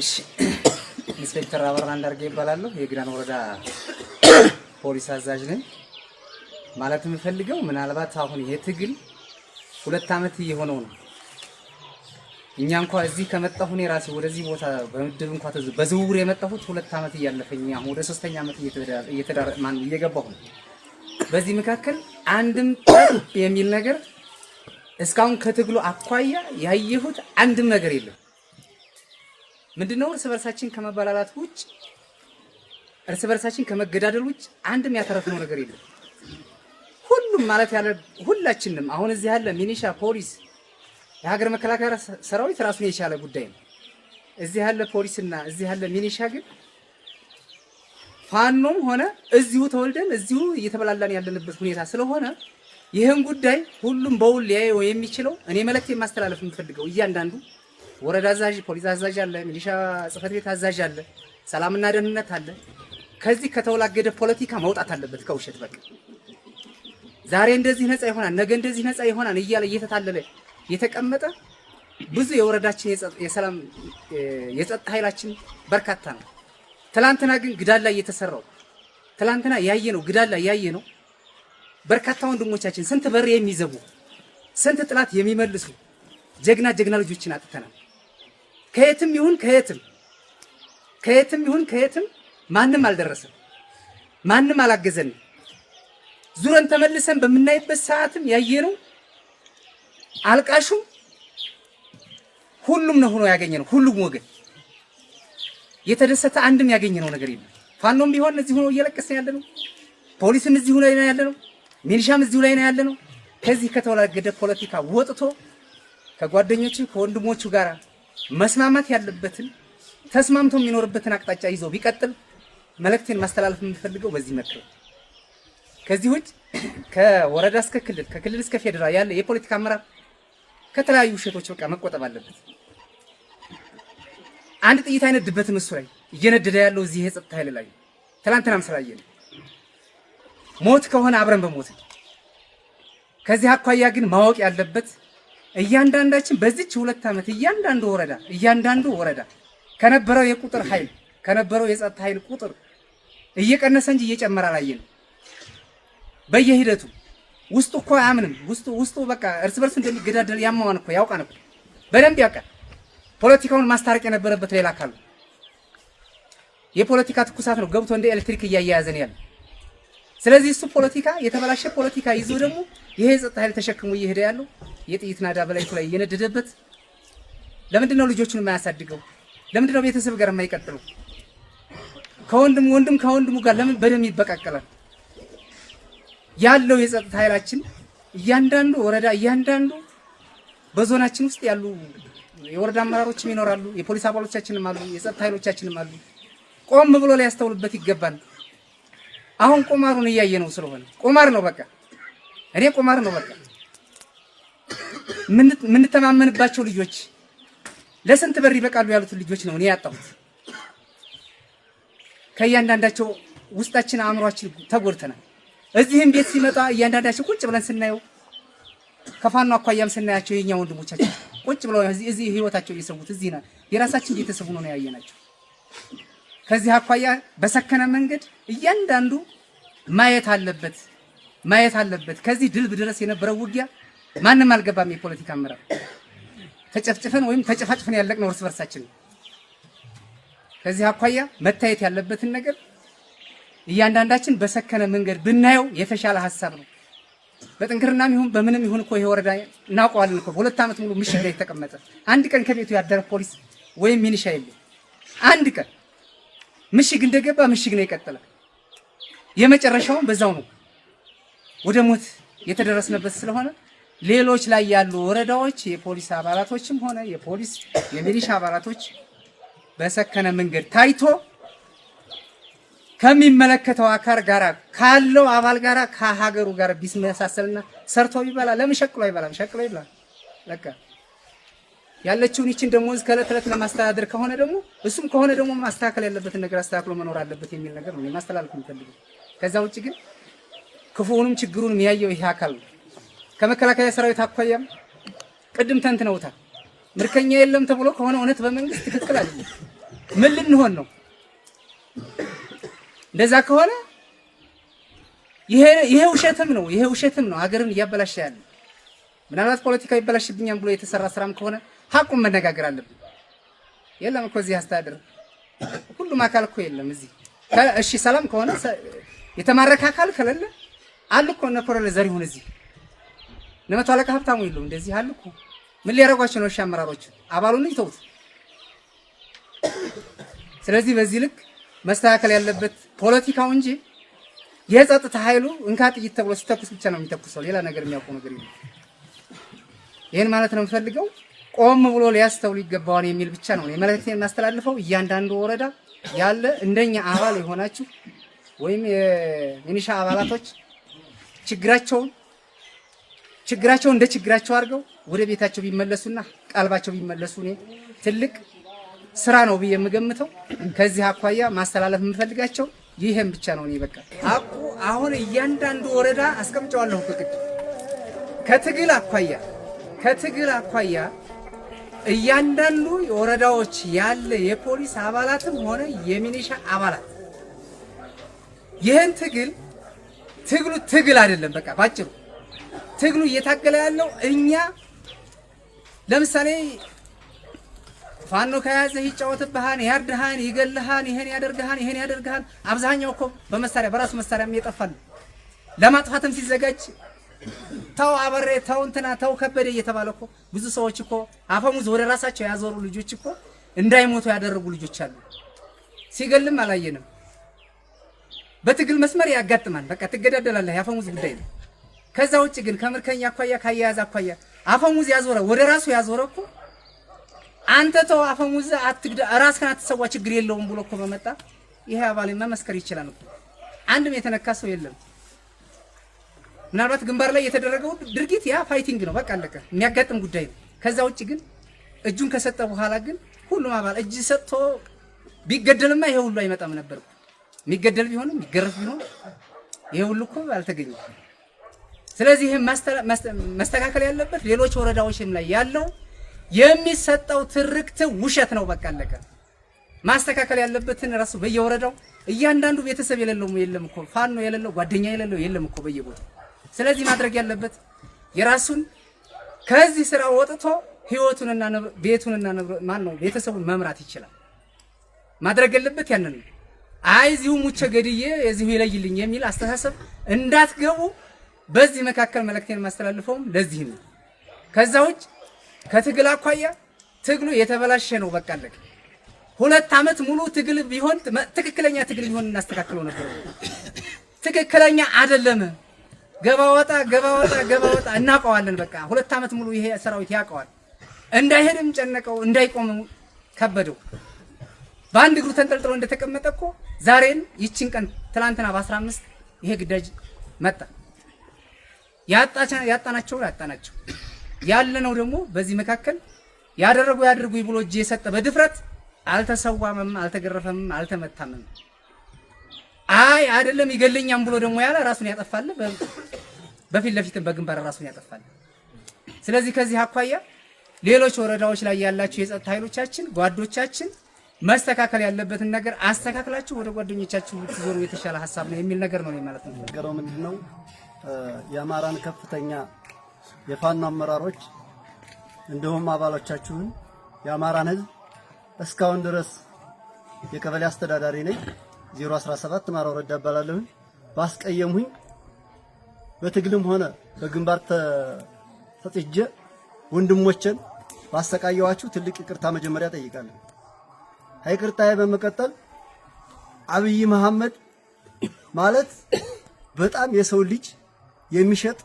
እሺ ኢንስፔክተር አበራ አንዳርጌ ይባላለሁ። የግዳን ወረዳ ፖሊስ አዛዥ ነኝ። ማለት የምፈልገው ምናልባት አሁን ይሄ ትግል ሁለት ዓመት እየሆነው ነው። እኛ እንኳ እዚህ ከመጣሁ እኔ ራሴ ወደዚህ ቦታ በምድብ እንኳ በዝውውር የመጣሁት ሁለት ዓመት እያለፈኝ አሁን ወደ ሶስተኛ ዓመት እየገባሁ ነው። በዚህ መካከል አንድም የሚል ነገር እስካሁን ከትግሉ አኳያ ያየሁት አንድም ነገር የለም። ምንድነው እርስ በርሳችን ከመበላላት ውጭ እርስ በርሳችን ከመገዳደል ውጭ አንድም ያተረፍነው ነገር የለም። ሁሉም ማለት ያለ ሁላችንም አሁን እዚህ ያለ ሚኒሻ፣ ፖሊስ፣ የሀገር መከላከያ ሰራዊት ራሱን የቻለ ጉዳይ ነው። እዚህ ያለ ፖሊስና እዚህ ያለ ሚኒሻ ግን ፋኖም ሆነ እዚሁ ተወልደን እዚሁ እየተበላላን ያለንበት ሁኔታ ስለሆነ ይህን ጉዳይ ሁሉም በውል ሊያየው የሚችለው እኔ መልእክት የማስተላለፍ የምፈልገው እያንዳንዱ ወረዳ አዛዥ፣ ፖሊስ አዛዥ አለ፣ ሚሊሻ ጽህፈት ቤት አዛዥ አለ፣ ሰላምና ደህንነት አለ። ከዚህ ከተወላገደ ፖለቲካ መውጣት አለበት ከውሸት በቃ ዛሬ እንደዚህ ነፃ ይሆናል፣ ነገ እንደዚህ ነፃ ይሆናል እያለ እየተታለለ የተቀመጠ ብዙ የወረዳችን የሰላም የጸጥታ ኃይላችን በርካታ ነው። ትላንትና ግን ግዳላ እየተሰራው ትላንትና ያየ ነው ላይ ያየ ነው። በርካታ ወንድሞቻችን ስንት በር የሚዘቡ ስንት ጥላት የሚመልሱ ጀግና ጀግና ልጆችን አጥተናል። ከየትም ይሁን ከየትም ከየትም ይሁን ከየትም ማንም አልደረሰም፣ ማንም አላገዘንም። ዙረን ተመልሰን በምናይበት ሰዓትም ያየነው አልቃሹ ሁሉም ነው ሆኖ ያገኘነው። ሁሉም ወገን የተደሰተ አንድም ያገኘነው ነገር የለም። ፋኖም ቢሆን እዚህ ሆኖ እየለቀሰ ያለ ነው። ፖሊስም እዚሁ ላይ ነው ያለ ነው። ሚሊሻም እዚሁ ላይ ነው ያለ ነው። ከዚህ ከተወላገደ ፖለቲካ ወጥቶ ከጓደኞቹ ከወንድሞቹ ጋር መስማማት ያለበትን ተስማምቶ የሚኖርበትን አቅጣጫ ይዞ ቢቀጥል መልእክቴን ማስተላለፍ የምፈልገው በዚህ መክር። ከዚህ ውጭ ከወረዳ እስከ ክልል፣ ከክልል እስከ ፌዴራል ያለ የፖለቲካ አመራር ከተለያዩ ውሸቶች በቃ መቆጠብ አለበት። አንድ ጥይት አይነድበትም። እሱ ላይ እየነደደ ያለው እዚህ የጸጥታ ኃይል ላይ ትላንትናም ስላየን ሞት ከሆነ አብረን በሞት ከዚህ አኳያ ግን ማወቅ ያለበት እያንዳንዳችን በዚች ሁለት ዓመት እያንዳንዱ ወረዳ እያንዳንዱ ወረዳ ከነበረው የቁጥር ኃይል ከነበረው የጸጥታ ኃይል ቁጥር እየቀነሰ እንጂ እየጨመረ አላየንም። በየሂደቱ ውስጡ እኮ አያምንም። ውስጡ ውስጡ በቃ እርስ በርስ እንደሚገዳደል ያማዋን እኮ ያውቃን እኮ በደንብ ያውቃል። ፖለቲካውን ማስታረቅ የነበረበት ሌላ አካል የፖለቲካ ትኩሳት ነው ገብቶ እንደ ኤሌክትሪክ እያያያዘን ያለ ስለዚህ እሱ ፖለቲካ የተበላሸ ፖለቲካ ይዞ ደግሞ ይሄ ጸጥታ ኃይል ተሸክሞ እየሄደ ያለው የጥይት ናዳ በላይቱ ላይ እየነደደበት ለምንድን ነው ልጆቹን የማያሳድገው? ለምንድን ነው ቤተሰብ ጋር የማይቀጥለው? ከወንድም ወንድም ከወንድሙ ጋር ለምን በደም ይበቃቀላል? ያለው የጸጥታ ኃይላችን እያንዳንዱ ወረዳ እያንዳንዱ በዞናችን ውስጥ ያሉ የወረዳ አመራሮችም ይኖራሉ፣ የፖሊስ አባሎቻችንም አሉ፣ የጸጥታ ኃይሎቻችንም አሉ። ቆም ብሎ ሊያስተውልበት ይገባል። አሁን ቁማሩን እያየ ነው ስለሆነ ቁማር ነው በቃ እኔ ቁማር ነው በቃ የምንተማመንባቸው ልጆች ለስንት በር ይበቃሉ ያሉትን ልጆች ነው እኔ ያጣሁት። ከእያንዳንዳቸው ውስጣችን አእምሯችን ተጎድተናል። እዚህም ቤት ሲመጣ እያንዳንዳቸው ቁጭ ብለን ስናየው ከፋኖ አኳያም ስናያቸው የኛ ወንድሞቻችን ቁጭ ብለው እዚህ ህይወታቸው እየሰዉት እዚህ የራሳችን ቤተሰቡ ነው ያየናቸው። ከዚህ አኳያ በሰከነ መንገድ እያንዳንዱ ማየት አለበት ማየት አለበት። ከዚህ ድልብ ድረስ የነበረው ውጊያ ማንም አልገባም። የፖለቲካ አመራር ተጨፍጭፈን ወይም ተጨፋጭፈን ያለቅነው እርስ በርሳችን። ከዚህ አኳያ መታየት ያለበትን ነገር እያንዳንዳችን በሰከነ መንገድ ብናየው የተሻለ ሀሳብ ነው። በጥንክርናም ይሁን በምንም ይሁን እኮ ይሄ ወረዳ እናውቀዋለን እኮ በሁለት ዓመት ሙሉ ምሽግ ላይ የተቀመጠ አንድ ቀን ከቤቱ ያደረ ፖሊስ ወይም ሚኒሻ የለም። አንድ ቀን ምሽግ እንደገባ ምሽግ ነው የቀጠለ። የመጨረሻውን በዛው ነው ወደ ሞት የተደረስነበት ስለሆነ ሌሎች ላይ ያሉ ወረዳዎች የፖሊስ አባላቶችም ሆነ የፖሊስ የሚሊሻ አባላቶች በሰከነ መንገድ ታይቶ ከሚመለከተው አካል ጋራ ካለው አባል ጋራ ከሀገሩ ጋር ቢመሳሰልና ሰርቶ ይበላል። ለምን ሸቅሎ ይበላል? ሸቅሎ ይበላል። ለካ ያለችውን ይችን ደሞዝ ከእለት እለት ለማስተዳደር ከሆነ ደግሞ እሱም ከሆነ ደግሞ ማስተካከል ያለበትን ነገር አስተካክሎ መኖር አለበት የሚል ነገር ነው ማስተላለፍ የሚፈልገው። ከዛ ውጭ ግን ክፉውንም ችግሩን የሚያየው ይሄ አካል ነው። ከመከላከያ ሰራዊት አኳያም ቅድም ተንትነውታል። ምርከኛ የለም ተብሎ ከሆነ እውነት በመንግስት ትክክል አለ። ምን ልንሆን ነው? እንደዛ ከሆነ ይሄ ውሸትም ነው፣ ይሄ ውሸትም ነው። ሀገርን እያበላሸ ያለ ምናልባት ፖለቲካ ይበላሽብኛም ብሎ የተሰራ ስራም ከሆነ ሀቁን መነጋገር አለብን። የለም እኮ እዚህ አስተዳደር ሁሉም አካል እኮ የለም እዚህ። እሺ ሰላም ከሆነ የተማረከ አካል ከሌለ አሉ እኮ እነ ኮሎኔል ዘሪሁን እዚህ ለመቶ አለቃ ሀብታሙ የለው እንደዚህ አሉ እኮ። ምን ሊያደርጓቸው ነው? እሺ አመራሮች አባሉን ይተውት። ስለዚህ በዚህ ልክ መስተካከል ያለበት ፖለቲካው እንጂ የጸጥታ ኃይሉ እንካ ጥይት ተብሎ ሲተኩስ ብቻ ነው የሚተኩሰው። ሌላ ነገር የሚያውቁ ነገር የለም። ይህን ማለት ነው የምፈልገው። ቆም ብሎ ሊያስተውሉ ይገባዋል የሚል ብቻ ነው መልእክት የምናስተላልፈው። እያንዳንዱ ወረዳ ያለ እንደኛ አባል የሆናችሁ ወይም የሚኒሻ አባላቶች ችግራቸውን ችግራቸው እንደ ችግራቸው አድርገው ወደ ቤታቸው ቢመለሱና ቀልባቸው ቢመለሱ እኔ ትልቅ ስራ ነው ብዬ የምገምተው። ከዚህ አኳያ ማስተላለፍ የምፈልጋቸው ይህም ብቻ ነው። እኔ በቃ አቁ አሁን እያንዳንዱ ወረዳ አስቀምጨዋለሁ። ከትግል አኳያ ከትግል አኳያ እያንዳንዱ ወረዳዎች ያለ የፖሊስ አባላትም ሆነ የሚኒሻ አባላት ይህን ትግል ትግሉ ትግል አይደለም። በቃ ባጭሩ ትግሉ እየታገለ ያለው እኛ ለምሳሌ ፋኖ ከያዘ ይጫወትብሃን፣ ያርድሃን፣ ይገልሃን፣ ይሄን ያደርግሃን፣ ይሄን ያደርግሃን። አብዛኛው እኮ በመሳሪያ በራሱ መሳሪያም የጠፋል ለማጥፋትም ሲዘጋጅ ተው አበሬ፣ ተው እንትና፣ ተው ከበደ እየተባለ እኮ ብዙ ሰዎች እኮ አፈሙዝ ወደ ራሳቸው ያዞሩ ልጆች እኮ እንዳይሞቱ ያደረጉ ልጆች አሉ። ሲገልም አላየንም። በትግል መስመር ያጋጥማል። በቃ ትገዳደላለህ፣ የአፈሙዝ ጉዳይ ነው። ከዛ ውጭ ግን ከምርከኛ አኳያ ካያያዝ አኳያ አፈሙዝ ያዞረ ወደ ራሱ ያዞረ እኮ አንተ ተው አፈሙዝ አትግዳ፣ ራስህን አትሰዋ፣ ችግር የለውም ብሎ እኮ በመጣ ይሄ አባል መመስከር ይችላል እኮ አንድም የተነካ ሰው የለም። ምናልባት ግንባር ላይ የተደረገው ድርጊት ያ ፋይቲንግ ነው፣ በቃ አለቀ፣ የሚያጋጥም ጉዳይ ነው። ከዛ ውጭ ግን እጁን ከሰጠ በኋላ ግን ሁሉም አባል እጅ ሰጥቶ ቢገደልማ ይሄ ሁሉ አይመጣም ነበር። የሚገደል ቢሆንም የሚገረፍ ቢሆን ይሄ ሁሉ እኮ አልተገኘም። ስለዚህ ይህም መስተካከል ያለበት ሌሎች ወረዳዎችም ላይ ያለው የሚሰጠው ትርክት ውሸት ነው። በቃ አለቀ። ማስተካከል ያለበትን ራሱ በየወረዳው እያንዳንዱ ቤተሰብ የሌለው የለም እኮ ፋኖ የሌለው ጓደኛ የሌለው የለም እኮ በየቦታው ስለዚህ ማድረግ ያለበት የራሱን ከዚህ ስራ ወጥቶ ህይወቱንና ቤቱንና ማን ነው ቤተሰቡን መምራት ይችላል። ማድረግ ያለበት ያንን ነው። አይ እዚሁ ሙቸ ገድዬ እዚሁ ይለይልኝ የሚል አስተሳሰብ እንዳትገቡ በዚህ መካከል መልእክቴን ማስተላልፈውም ለዚህ ነው። ከዛ ውጭ ከትግል አኳያ ትግሉ የተበላሸ ነው። በቃ አለቀ። ሁለት ዓመት ሙሉ ትግል ቢሆን ትክክለኛ ትግል ቢሆን እናስተካክለው ነበር። ትክክለኛ አይደለም። ገባ ወጣ፣ ገባ ወጣ፣ ገባ ወጣ። እናውቀዋለን። በቃ ሁለት ዓመት ሙሉ ይሄ ሰራዊት ያውቀዋል። እንዳይሄድም ጨነቀው፣ እንዳይቆም ከበደው። በአንድ እግሩ ተንጠልጥሎ እንደተቀመጠ እኮ ዛሬን ይችን ቀን ትላንትና በ15 ይሄ ግዳጅ መጣ። ያጣናቸው ያጣናቸው ያለነው ደግሞ በዚህ መካከል ያደረጉ ያድርጉ ብሎ እጅ የሰጠ በድፍረት አልተሰዋመም፣ አልተገረፈምም፣ አልተመታምም። አይ አይደለም ይገለኛም ብሎ ደግሞ ያለ ራሱን ያጠፋል። በፊት ለፊትም በግንባር ራሱን ያጠፋል። ስለዚህ ከዚህ አኳያ ሌሎች ወረዳዎች ላይ ያላችሁ የጸጥታ ኃይሎቻችን ጓዶቻችን መስተካከል ያለበትን ነገር አስተካክላችሁ ወደ ጓደኞቻችሁ ብትዞሩ የተሻለ ሀሳብ ነው የሚል ነገር ነው ማለት ነው። ነገረው ምንድን ነው? የአማራን ከፍተኛ የፋኖ አመራሮች እንዲሁም አባሎቻችሁን የአማራን ህዝብ እስካሁን ድረስ የቀበሌ አስተዳዳሪ ነኝ 017 ማራ ወረዳ እባላለሁ። ባስቀየሙኝ በትግልም ሆነ በግንባር ተጥጄ ወንድሞችን ባሰቃየዋችሁ ትልቅ ይቅርታ መጀመሪያ ጠይቃለሁ። ይቅርታዬ በመቀጠል አብይ መሐመድ ማለት በጣም የሰው ልጅ የሚሸጥ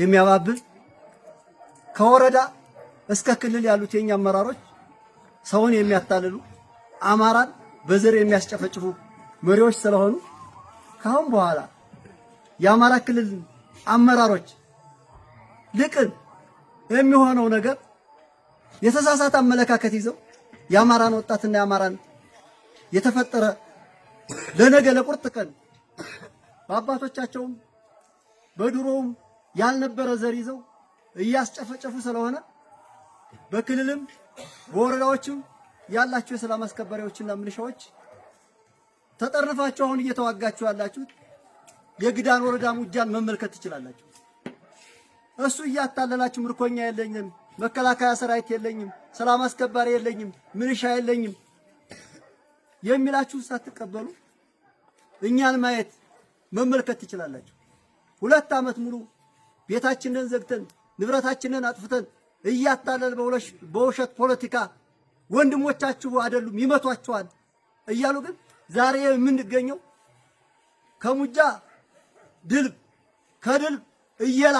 የሚያባብል ከወረዳ እስከ ክልል ያሉት የኛ አመራሮች ሰውን የሚያታልሉ አማራን በዘር የሚያስጨፈጭፉ መሪዎች ስለሆኑ ካሁን በኋላ የአማራ ክልል አመራሮች ልቅን የሚሆነው ነገር የተሳሳተ አመለካከት ይዘው የአማራን ወጣትና የአማራን የተፈጠረ ለነገ ለቁርጥ ቀን በአባቶቻቸውም በድሮውም ያልነበረ ዘር ይዘው እያስጨፈጨፉ ስለሆነ በክልልም በወረዳዎችም ያላችሁ የሰላም አስከባሪዎችና ምልሻዎች ተጠርፋችሁ አሁን እየተዋጋችሁ ያላችሁት የግዳን ወረዳ ሙጃን መመልከት ትችላላችሁ። እሱ እያታለላችሁ ምርኮኛ የለኝም፣ መከላከያ ሰራዊት የለኝም፣ ሰላም አስከባሪ የለኝም፣ ምንሻ የለኝም የሚላችሁ ሳትቀበሉ እኛን ማየት መመልከት ትችላላችሁ። ሁለት ዓመት ሙሉ ቤታችንን ዘግተን ንብረታችንን አጥፍተን እያታለል በውሸት ፖለቲካ ወንድሞቻችሁ አይደሉም ይመቷችኋል እያሉ ግን ዛሬ የምንገኘው ከሙጃ ድልብ ከድልብ እየላ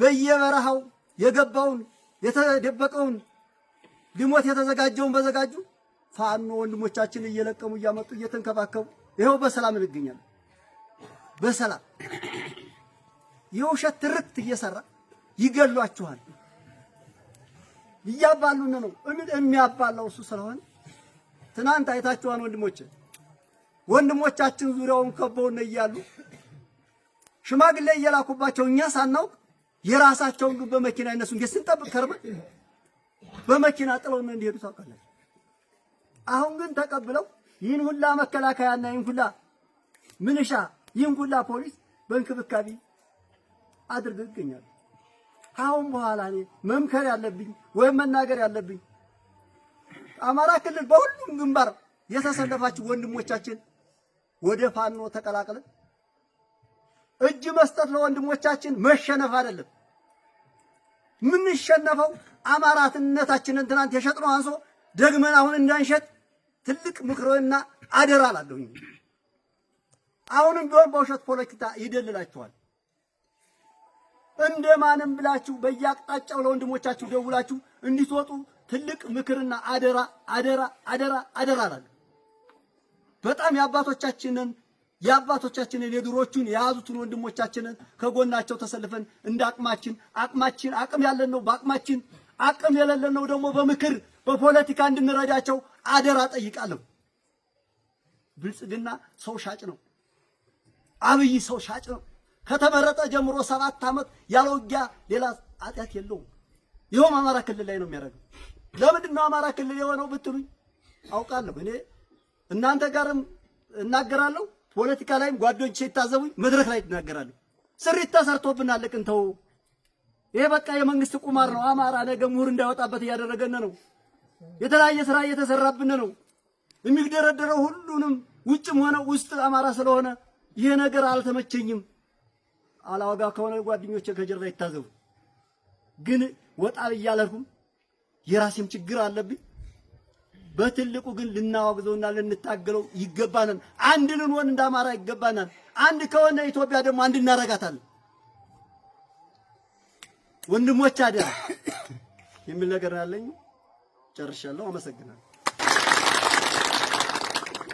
በየበረሃው የገባውን የተደበቀውን ሊሞት የተዘጋጀውን በዘጋጁ ፋኖ ወንድሞቻችን እየለቀሙ እያመጡ እየተንከባከቡ ይኸው በሰላም እንገኛለን። በሰላም የውሸት ትርክት እየሰራ ይገሏችኋል። እያባሉን ነው። የሚያባላው እሱ ስለሆነ ትናንት አይታችኋን ወንድሞች ወንድሞቻችን ዙሪያውን ከበውን እያሉ ሽማግሌ እየላኩባቸው እኛ ሳናውቅ የራሳቸውን ግን በመኪና እነሱ እንዴት ስንጠብቅ ከርመን በመኪና ጥለውን እንዲሄዱ ታውቃለች። አሁን ግን ተቀብለው ይህን ሁላ መከላከያና ይህን ሁላ ምንሻ ይህን ሁላ ፖሊስ በእንክብካቤ አድርገው ይገኛሉ። ከአሁን በኋላ እኔ መምከር ያለብኝ ወይም መናገር ያለብኝ አማራ ክልል በሁሉም ግንባር የተሰለፋችሁ ወንድሞቻችን ወደ ፋኖ ተቀላቅለን እጅ መስጠት ለወንድሞቻችን መሸነፍ አይደለም። የምንሸነፈው አማራትነታችንን ትናንት የሸጥነው አንሶ ደግመን አሁን እንዳንሸጥ ትልቅ ምክርና አደራ አላለሁ። አሁንም ቢሆን በውሸት ፖለቲካ ይደልላችኋል። እንደማንም ብላችሁ በየአቅጣጫው ለወንድሞቻችሁ ደውላችሁ እንዲትወጡ ትልቅ ምክርና አደራ አደራ አደራ አደራ አላለሁ። በጣም የአባቶቻችንን የአባቶቻችንን የድሮቹን የያዙትን ወንድሞቻችንን ከጎናቸው ተሰልፈን እንደ አቅማችን አቅማችን አቅም ያለን ነው በአቅማችን አቅም የሌለን ነው ደግሞ በምክር በፖለቲካ እንድንረዳቸው አደራ ጠይቃለሁ። ብልጽግና ሰው ሻጭ ነው። አብይ ሰው ሻጭ ነው። ከተመረጠ ጀምሮ ሰባት ዓመት ያለ ውጊያ ሌላ ኃጢአት የለውም። ይኸውም አማራ ክልል ላይ ነው የሚያደርገው። ለምንድን ነው አማራ ክልል የሆነው ብትሉኝ አውቃለሁ። እኔ እናንተ ጋርም እናገራለሁ ፖለቲካ ላይም ጓደኞች ሲታዘቡኝ መድረክ ላይ ይናገራሉ። ስሪት ተሰርቶብናል። ቅን ተው፣ ይሄ በቃ የመንግስት ቁማር ነው። አማራ ነገ ምሁር እንዳይወጣበት እያደረገን ነው። የተለያየ ስራ እየተሰራብን ነው። የሚደረደረው ሁሉንም ውጭም ሆነ ውስጥ አማራ ስለሆነ ይሄ ነገር አልተመቸኝም። አላወጋ ከሆነ ጓደኞች ከጀርባ ይታዘቡ። ግን ወጣ ብያለሁም የራሴም ችግር አለብኝ። በትልቁ ግን ልናወግዘውና ልንታገለው ይገባናል። አንድ ልንሆን እንደ አማራ ይገባናል። አንድ ከሆነ ኢትዮጵያ ደግሞ አንድ እናረጋታለን። ወንድሞች አደራ የሚል ነገር አለኝ። ጨርሻለሁ። አመሰግናለሁ።